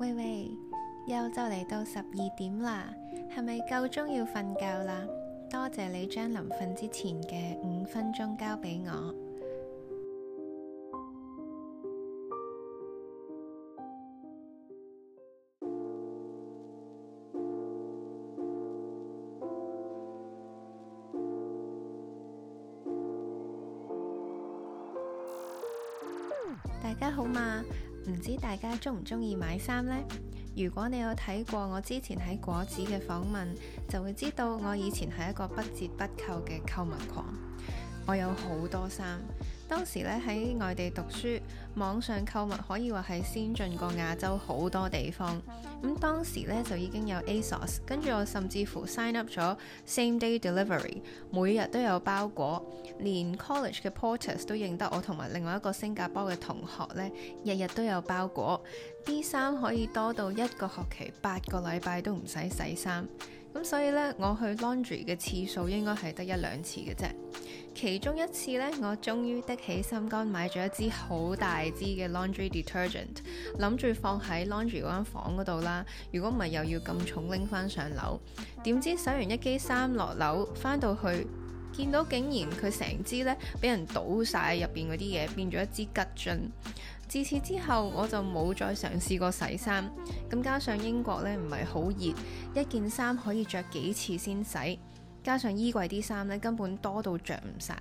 喂喂，又就嚟到十二點啦，係咪夠鐘要瞓覺啦？多謝你將臨瞓之前嘅五分鐘交俾我。 大家好嘛？唔知大家鍾唔鍾意買衫呢？如果你有睇過我之前喺果籽嘅訪問，就會知道我以前係一個不折不扣嘅購物狂。我有好多衫，當時咧喺外地讀書，網上購物可以話係先進過亞洲好多地方。咁當時咧就已經有 ASOS，跟住我甚至乎 sign up 咗 same day delivery，每日都有包裹，連 college 嘅 porters 都認得我同埋另外一個新加坡嘅同學咧，日日都有包裹，啲衫可以多到一個學期八個禮拜都唔使洗衫。咁所以咧，我去 laundry 嘅次數應該係得一兩次嘅啫。其中一次呢，我終於的起心肝買咗一支好大支嘅 laundry detergent，諗住放喺 laundry 嗰間房嗰度啦。如果唔係又要咁重拎翻上樓。點知洗完一機衫落樓，翻到去見到竟然佢成支呢俾人倒晒入邊嗰啲嘢，變咗一支吉樽。自此之後，我就冇再嘗試過洗衫。咁加上英國咧，唔係好熱，一件衫可以着幾次先洗。加上衣櫃啲衫咧，根本多到着唔晒，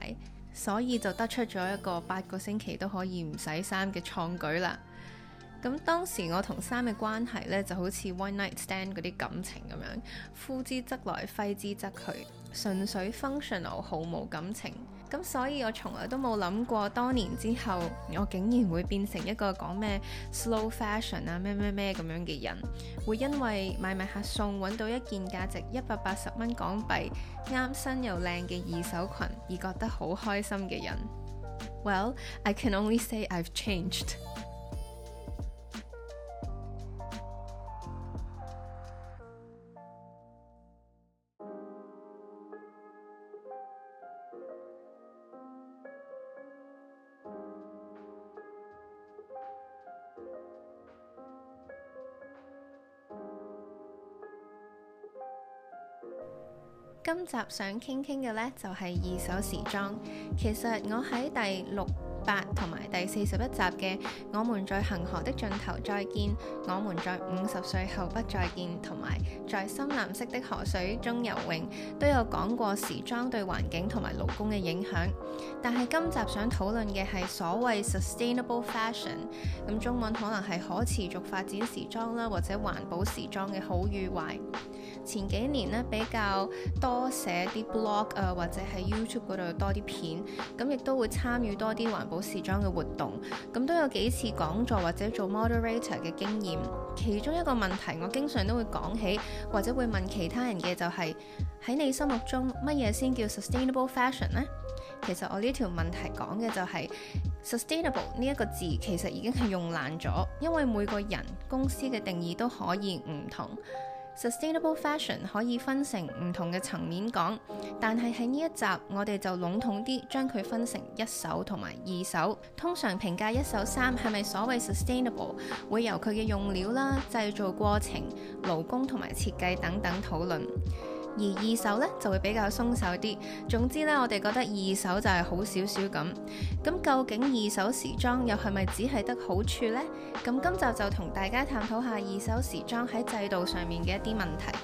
所以就得出咗一個八個星期都可以唔洗衫嘅創舉啦。咁當時我同衫嘅關係咧，就好似 One Night Stand 嗰啲感情咁樣，呼之則來，揮之則去，純粹 functional，毫無感情。咁所以，我從來都冇諗過，多年之後，我竟然會變成一個講咩 slow fashion 啊咩咩咩咁樣嘅人，會因為買埋客送揾到一件價值一百八十蚊港幣啱身又靚嘅二手裙而覺得好開心嘅人。Well, I can only say I 今集想傾傾嘅呢，就係二手時裝。其實我喺第六八同埋第四十一集嘅《我們在恆河的盡頭再見》、《我們在五十歲後不再見》同埋《在深藍色的河水中游泳》都有講過時裝對環境同埋勞工嘅影響。但係今集想討論嘅係所謂 sustainable fashion，咁中文可能係可持續發展時裝啦，或者環保時裝嘅好與壞。前幾年呢，比較多寫啲 blog 啊，或者喺 YouTube 嗰度多啲片，咁亦都會參與多啲環保時裝嘅活動，咁都有幾次講座或者做 moderator 嘅經驗。其中一個問題，我經常都會講起，或者會問其他人嘅就係：「喺你心目中乜嘢先叫 sustainable fashion 呢？」其實我呢條問題講嘅就係：sustainable 呢一個字，其實已經係用爛咗，因為每個人公司嘅定義都可以唔同。Sustainable fashion 可以分成唔同嘅層面講，但係喺呢一集我哋就籠統啲，將佢分成一手同埋二手。通常評價一手衫係咪所謂 sustainable，會由佢嘅用料啦、製造過程、勞工同埋設計等等討論。而二手呢，就會比較鬆手啲。總之呢，我哋覺得二手就係好少少咁。咁究竟二手時裝又係咪只係得好處呢？咁今集就同大家探討下二手時裝喺制度上面嘅一啲問題。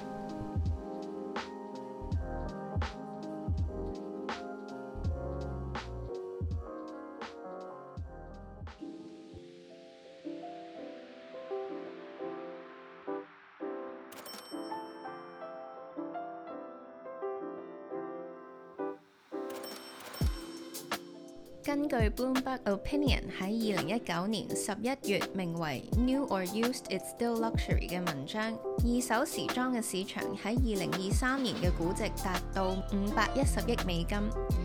根據 Bloomberg Opinion 喺二零一九年十一月，名為 New or Used, It's Still Luxury 嘅文章，二手時裝嘅市場喺二零二三年嘅估值達到五百一十億美金。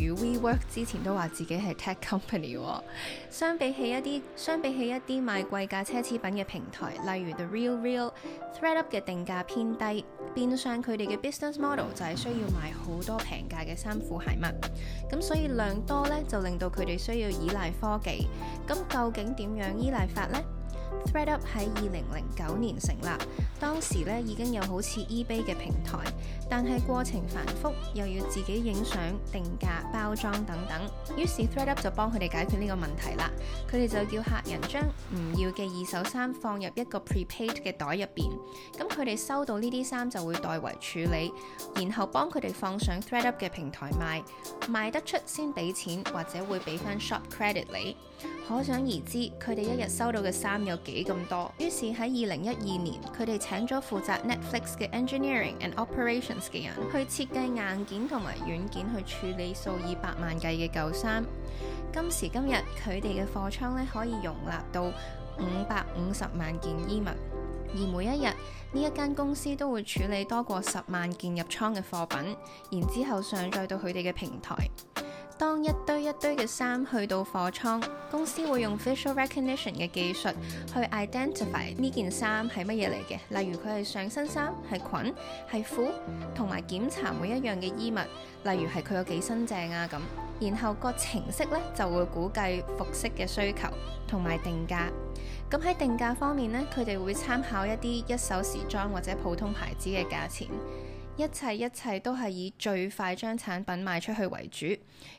如 WeWork 之前都話自己係 tech company，相比起一啲相比起一啲賣貴價奢侈品嘅平台，例如 The Real Real、ThredUp 嘅定價偏低，變相佢哋嘅 business model 就係需要賣好多平價嘅衫褲鞋襪，咁所以量多呢，就令到佢哋需要依賴科技，咁究竟點樣依賴法呢？ThreadUp 喺二零零九年成立，當時咧已經有好似 eBay 嘅平台，但係過程繁複，又要自己影相、定價、包裝等等。於是 ThreadUp 就幫佢哋解決呢個問題啦。佢哋就叫客人將唔要嘅二手衫放入一個 prepaid 嘅袋入邊，咁佢哋收到呢啲衫就會代為處理，然後幫佢哋放上 ThreadUp 嘅平台賣，賣得出先俾錢，或者會俾翻 shop credit 你。可想而知，佢哋一日收到嘅衫有幾咁多，於是喺二零一二年，佢哋請咗負責 Netflix 嘅 Engineering and Operations 嘅人去設計硬件同埋軟件去處理數以百萬計嘅舊衫。今時今日，佢哋嘅貨倉咧可以容納到五百五十萬件衣物，而每一日呢一間公司都會處理多過十萬件入倉嘅貨品，然之後上載到佢哋嘅平台。當一堆一堆嘅衫去到貨倉，公司會用 facial recognition 嘅技術去 identify 呢件衫係乜嘢嚟嘅，例如佢係上身衫、係裙、係褲，同埋檢查每一樣嘅衣物，例如係佢有幾新淨啊咁。然後個程式咧就會估計服飾嘅需求同埋定價。咁喺定價方面呢，佢哋會參考一啲一手時裝或者普通牌子嘅價錢。一切一切都係以最快將產品賣出去為主，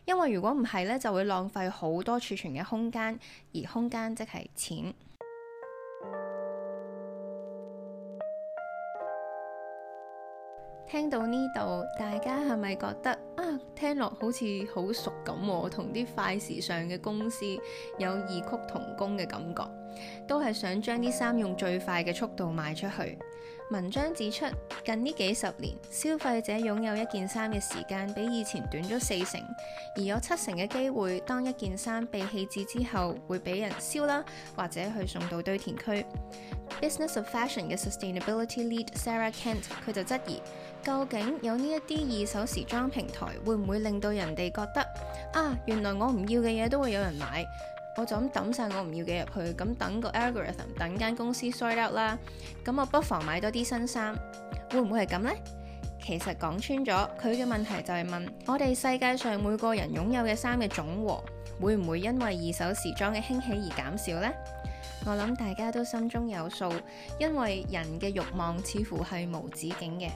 因為如果唔係呢，就會浪費好多儲存嘅空間，而空間即係錢。聽到呢度，大家係咪覺得啊？聽落好似好熟咁，同啲快時尚嘅公司有異曲同工嘅感覺。都係想將啲衫用最快嘅速度賣出去。文章指出，近呢幾十年，消費者擁有一件衫嘅時間比以前短咗四成，而有七成嘅機會，當一件衫被棄置之後，會俾人燒啦，或者去送到堆填區。Business of Fashion 嘅 Sustainability Lead Sarah Kent 佢就質疑，究竟有呢一啲二手時裝平台會唔會令到人哋覺得啊，原來我唔要嘅嘢都會有人買？我就咁抌晒我唔要嘅入去，咁等個 algorithm 等間公司 sort out 啦。咁我不妨買多啲新衫，會唔會係咁呢？其實講穿咗，佢嘅問題就係問「我哋世界上每個人擁有嘅衫嘅總和會唔會因為二手時裝嘅興起而減少呢？」我諗大家都心中有數，因為人嘅欲望似乎係無止境嘅。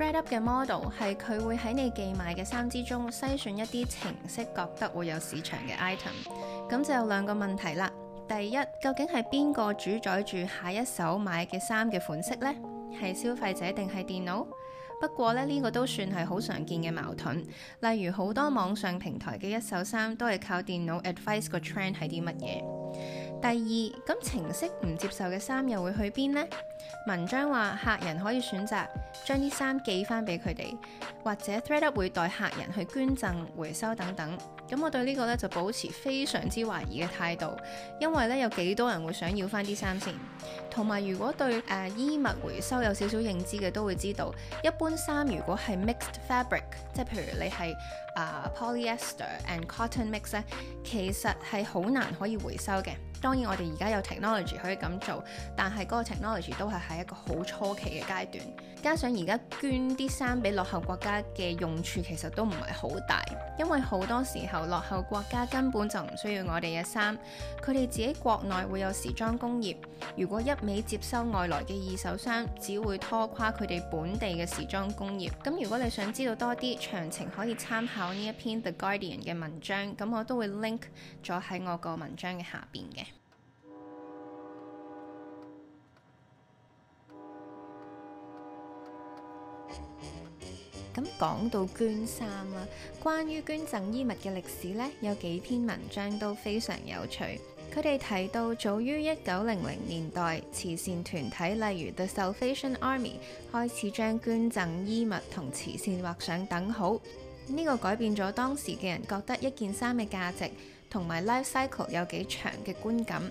ThredUp 嘅 model 係佢會喺你寄買嘅衫之中篩選一啲程式覺得會有市場嘅 item，咁就有兩個問題啦。第一，究竟係邊個主宰住下一手買嘅衫嘅款式呢？係消費者定係電腦？不過呢，呢個都算係好常見嘅矛盾。例如好多網上平台嘅一手衫都係靠電腦 advice 個 trend 係啲乜嘢。第二，咁程式唔接受嘅衫又會去邊呢？文章話客人可以選擇將啲衫寄翻俾佢哋，或者 ThreadUp 會代客人去捐贈回收等等。咁我對個呢個咧就保持非常之懷疑嘅態度，因為咧有幾多人會想要翻啲衫先？同埋如果對誒、呃、衣物回收有少少認知嘅都會知道，一般衫如果係 mixed fabric，即係譬如你係、呃、polyester and cotton mix 咧，其實係好難可以回收嘅。當然，我哋而家有 technology 可以咁做，但係嗰個 technology 都係喺一個好初期嘅階段。加上而家捐啲衫俾落後國家嘅用處其實都唔係好大，因為好多時候落後國家根本就唔需要我哋嘅衫，佢哋自己國內會有時裝工業。如果一味接收外來嘅二手衫，只會拖垮佢哋本地嘅時裝工業。咁如果你想知道多啲詳情，可以參考呢一篇 The Guardian 嘅文章，咁我都會 link 咗喺我個文章嘅下邊嘅。咁講到捐衫啦，關於捐贈衣物嘅歷史咧，有幾篇文章都非常有趣。佢哋提到早於一九零零年代，慈善團體例如 The Salvation Army 開始將捐贈衣物同慈善劃上等號。呢個改變咗當時嘅人覺得一件衫嘅價值同埋 life cycle 有幾長嘅觀感。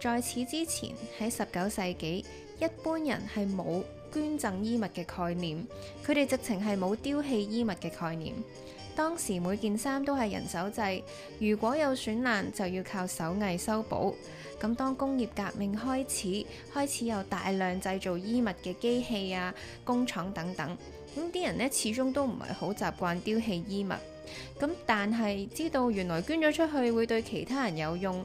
在此之前喺十九世紀，一般人係冇捐贈衣物嘅概念，佢哋直情係冇丟棄衣物嘅概念。當時每件衫都係人手製，如果有損爛就要靠手藝修補。咁當工業革命開始，開始有大量製造衣物嘅機器啊、工廠等等，咁啲人呢始終都唔係好習慣丟棄衣物。咁但係知道原來捐咗出去會對其他人有用。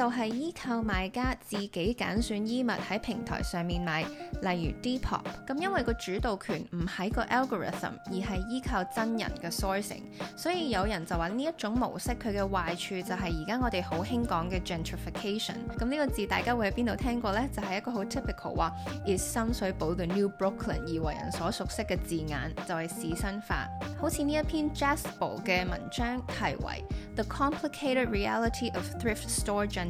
就係依靠買家自己揀選衣物喺平台上面買例如 depop 咁因為個主導權唔喺個 algorithm 而係依靠真人嘅 sourcing 所以有人就話呢一種模式佢嘅壞處就係而家我哋好興講嘅 gentrification 咁呢個字大家會喺邊度聽過呢就係、是、一個好 typical 話 is 深水埗 the new brooklyn 而為人所熟悉嘅字眼就係、是、仕紳化好似呢一篇 jasper 嘅文章題為 the complicated reality of thrift storage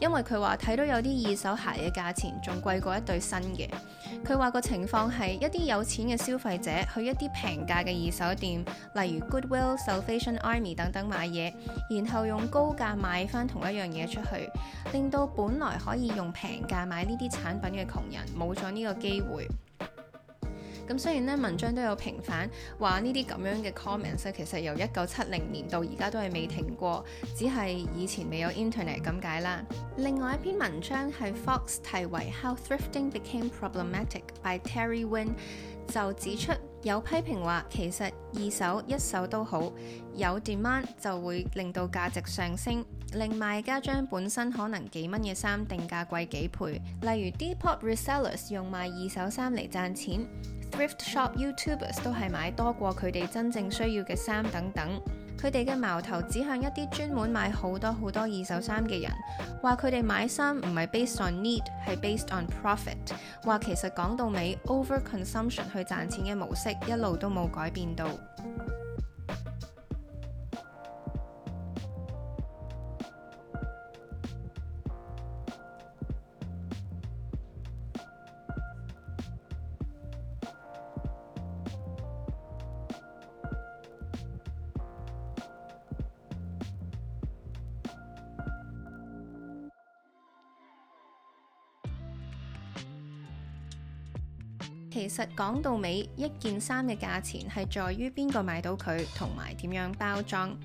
因為佢話睇到有啲二手鞋嘅價錢仲貴過一對新嘅，佢話個情況係一啲有錢嘅消費者去一啲平價嘅二手店，例如 Goodwill、Salvation Army 等等買嘢，然後用高價賣翻同一樣嘢出去，令到本來可以用平價買呢啲產品嘅窮人冇咗呢個機會。咁雖然咧，文章都有評反話呢啲咁樣嘅 comments 其實由一九七零年到而家都係未停過，只係以前未有 internet 咁解啦。另外一篇文章係 Fox 題為《How Thrifting Became Problematic》by Terry Wynn 就指出有批評話，其實二手一手都好有 demand 就會令到價值上升，令賣家將本身可能幾蚊嘅衫定價貴幾倍，例如 Depop Resellers 用賣二手衫嚟賺錢。Thrift shop YouTubers 都係買多過佢哋真正需要嘅衫等等，佢哋嘅矛頭指向一啲專門買好多好多二手衫嘅人，話佢哋買衫唔係 based on need，係 based on profit，話其實講到尾 over consumption 去賺錢嘅模式一路都冇改變到。實講到尾，一件衫嘅價錢係在於邊個買到佢同埋點樣包裝，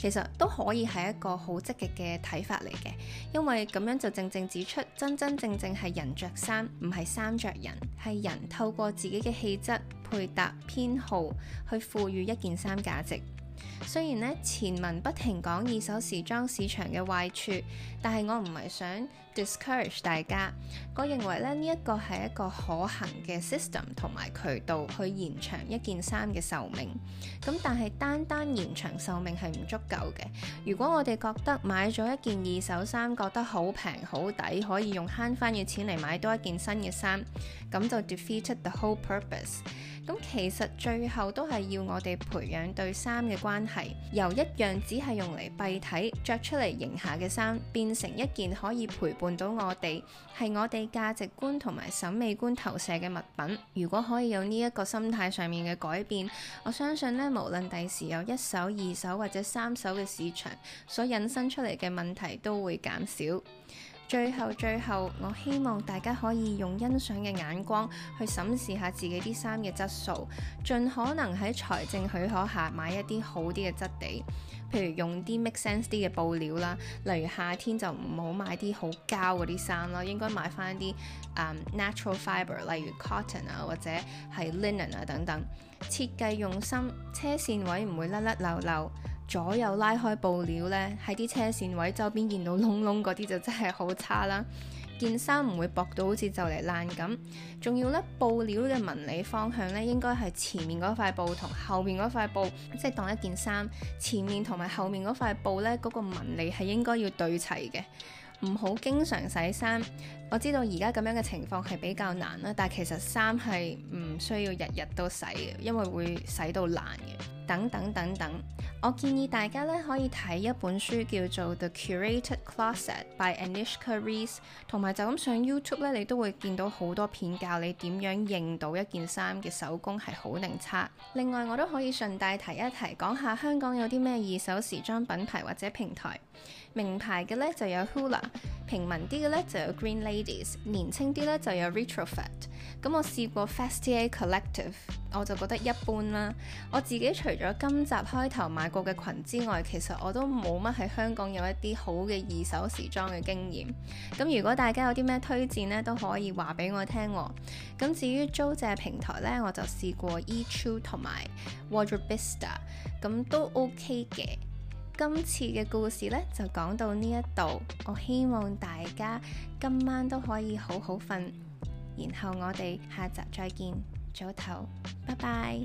其實都可以係一個好積極嘅睇法嚟嘅，因為咁樣就正正指出真真正正係人着衫，唔係衫着人，係人透過自己嘅氣質配搭偏好去賦予一件衫價值。雖然呢，前文不停講二手時裝市場嘅壞處，但係我唔係想 discourage 大家，我認為咧呢一個係一個可行嘅 system 同埋渠道去延長一件衫嘅壽命。咁但係單單延長壽命係唔足夠嘅。如果我哋覺得買咗一件二手衫，覺得好平好抵，可以用慳翻嘅錢嚟買多一件新嘅衫，咁就 defeat the whole purpose。咁其實最後都係要我哋培養對衫嘅關係，由一樣只係用嚟蔽體、着出嚟型下嘅衫，變成一件可以陪伴。換到我哋係我哋價值觀同埋審美觀投射嘅物品。如果可以有呢一個心態上面嘅改變，我相信呢，無論第時有一手、二手或者三手嘅市場，所引申出嚟嘅問題都會減少。最後最後，我希望大家可以用欣賞嘅眼光去審視下自己啲衫嘅質素，盡可能喺財政許可下買一啲好啲嘅質地，譬如用啲 make sense 啲嘅布料啦，例如夏天就唔好買啲好膠嗰啲衫咯，應該買翻一啲、um, natural fibre，例如 cotton 啊或者係 linen 啊等等。設計用心，車線位唔會甩甩漏漏。左右拉開布料呢，喺啲車線位周邊見到窿窿嗰啲就真係好差啦。件衫唔會薄到好似就嚟爛咁，仲要呢，布料嘅紋理方向呢，應該係前面嗰塊布同後面嗰塊布，即係當一件衫前面同埋後面嗰塊布呢，嗰個紋理係應該要對齊嘅，唔好經常洗衫。我知道而家咁樣嘅情況係比較難啦，但係其實衫係唔需要日日都洗嘅，因為會洗到爛嘅。等等等等，我建議大家咧可以睇一本書叫做《The Curated Closet》by Anuschka Rees 同埋就咁上 YouTube 咧，你都會見到好多片教你點樣認到一件衫嘅手工係好定差。另外我都可以順帶提一提，講下香港有啲咩二手時裝品牌或者平台。名牌嘅咧就有 Hula，平民啲嘅咧就有 Green Lady。年青啲咧就有 retrofit，咁我試過 Festia Collective，我就覺得一般啦。我自己除咗今集開頭買過嘅裙之外，其實我都冇乜喺香港有一啲好嘅二手時裝嘅經驗。咁如果大家有啲咩推薦呢，都可以話俾我聽。咁至於租借平台呢，我就試過 E2 同埋 Wardrobeista，r 咁都 OK 嘅。今次嘅故事呢，就講到呢一度，我希望大家今晚都可以好好瞓，然後我哋下集再見，早唞，拜拜。